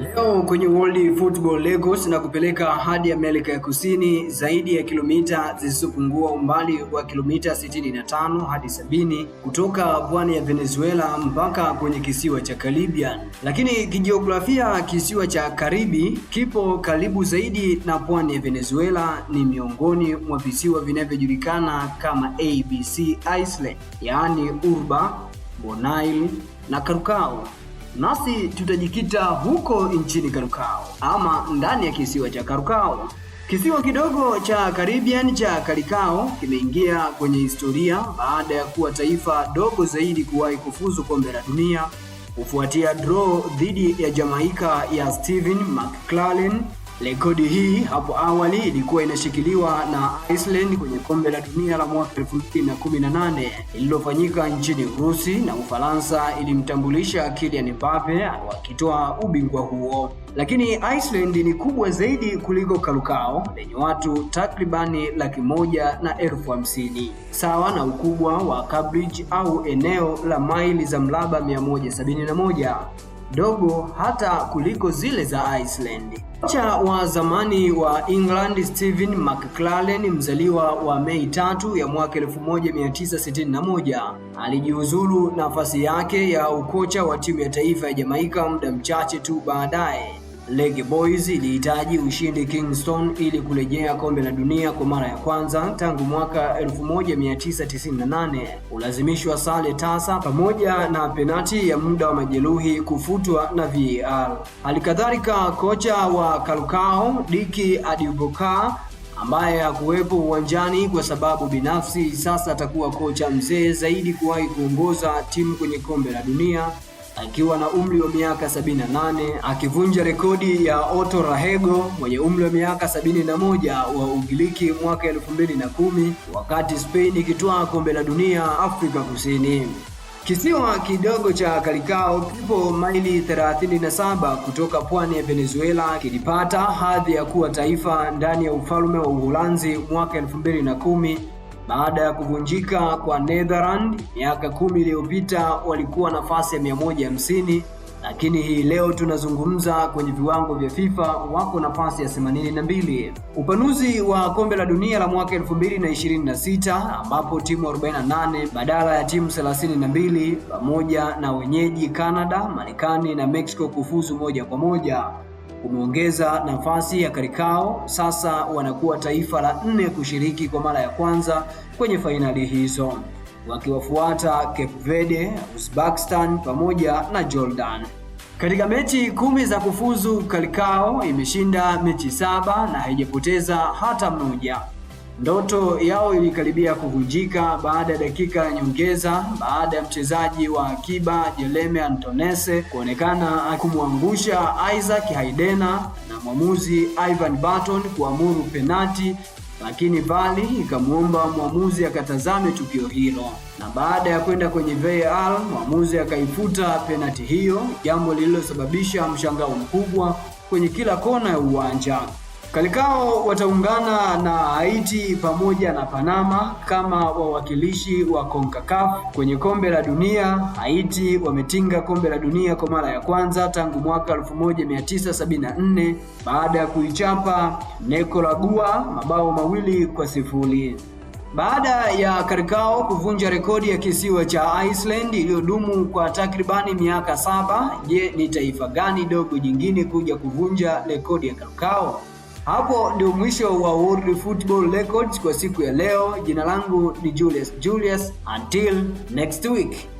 Leo kwenye World Football Lagos na kupeleka hadi Amerika ya Kusini zaidi ya kilomita zisizopungua umbali wa kilomita 65 hadi sabini kutoka pwani ya Venezuela mpaka kwenye kisiwa cha Caribbean. Lakini kijiografia, kisiwa cha Karibi kipo karibu zaidi na pwani ya Venezuela, ni miongoni mwa visiwa vinavyojulikana kama ABC Island, yaani urba Bonaire na Curacao nasi tutajikita huko nchini Karukao ama ndani ya kisiwa cha Karukao. Kisiwa kidogo cha Caribbean cha Karikao kimeingia kwenye historia baada ya kuwa taifa dogo zaidi kuwahi kufuzu kombe la dunia kufuatia draw dhidi ya Jamaika ya Steven McClellan Rekodi hii hapo awali ilikuwa inashikiliwa na Iceland kwenye kombe la dunia la mwaka 2018 lililofanyika nchini Urusi na Ufaransa ilimtambulisha Kylian Mbappe wakitoa ubingwa huo. Lakini Iceland ni kubwa zaidi kuliko Kalukao lenye watu takribani laki moja na elfu hamsini sawa na ukubwa wa Cambridge au eneo la maili za mraba 171 dogo hata kuliko zile za Iceland. Kocha wa zamani wa England Steven McClaren mzaliwa wa Mei 3 ya mwaka 1961 alijiuzulu nafasi yake ya ukocha wa timu ya taifa ya Jamaika muda mchache tu baadaye. Lege Boys ilihitaji ushindi Kingston ili kurejea kombe la dunia kwa mara ya kwanza tangu mwaka 1998. Ulazimishwa sare tasa pamoja na penati ya muda wa majeruhi kufutwa na VAR. Halikadhalika, kocha wa Kalukao Diki adiboka ambaye hakuwepo uwanjani kwa sababu binafsi, sasa atakuwa kocha mzee zaidi kuwahi kuongoza timu kwenye kombe la dunia akiwa na umri wa miaka 78 akivunja rekodi ya Otto Rahego mwenye umri wa miaka 71 wa Ugiriki mwaka 2010 wakati Spain ikitwaa kombe la dunia Afrika Kusini. Kisiwa kidogo cha Kalikao kipo maili 37 kutoka pwani ya Venezuela, kilipata hadhi ya kuwa taifa ndani ya ufalme wa Uholanzi mwaka 2010 baada ya kuvunjika kwa Netherland miaka kumi iliyopita, walikuwa nafasi ya 150 lakini hii leo tunazungumza kwenye viwango vya FIFA wako nafasi ya 82. Upanuzi wa kombe la dunia la mwaka 2026 ambapo timu 48 badala ya timu 32 pamoja na wenyeji Canada, Marekani na Mexico kufuzu moja kwa moja umeongeza nafasi ya Karikao, sasa wanakuwa taifa la nne kushiriki kwa mara ya kwanza kwenye fainali hizo wakiwafuata Cape Verde, Uzbekistan pamoja na Jordan. Katika mechi kumi za kufuzu, Karikao imeshinda mechi saba na haijapoteza hata mmoja. Ndoto yao ilikaribia kuvunjika baada ya dakika ya nyongeza baada ya mchezaji wa akiba Jeleme Antonese kuonekana kumwangusha Isaac Haidena na mwamuzi Ivan Barton kuamuru penati, lakini vali ikamwomba mwamuzi akatazame tukio hilo, na baada ya kwenda kwenye VAR mwamuzi akaifuta penati hiyo, jambo lililosababisha mshangao mkubwa kwenye kila kona ya uwanja. Kalikao wataungana na Haiti pamoja na Panama kama wawakilishi wa CONCACAF kwenye kombe la dunia. Haiti wametinga kombe la dunia kwa mara ya kwanza tangu mwaka 1974 baada ya kuichapa Nicaragua mabao mawili kwa sifuri. Baada ya Kalikao kuvunja rekodi ya kisiwa cha Iceland iliyodumu kwa takribani miaka saba, je, ni taifa gani dogo jingine kuja kuvunja rekodi ya Kalikao? Hapo ndio mwisho wa World Football Records kwa siku ya leo. Jina langu ni Julius Julius, until next week.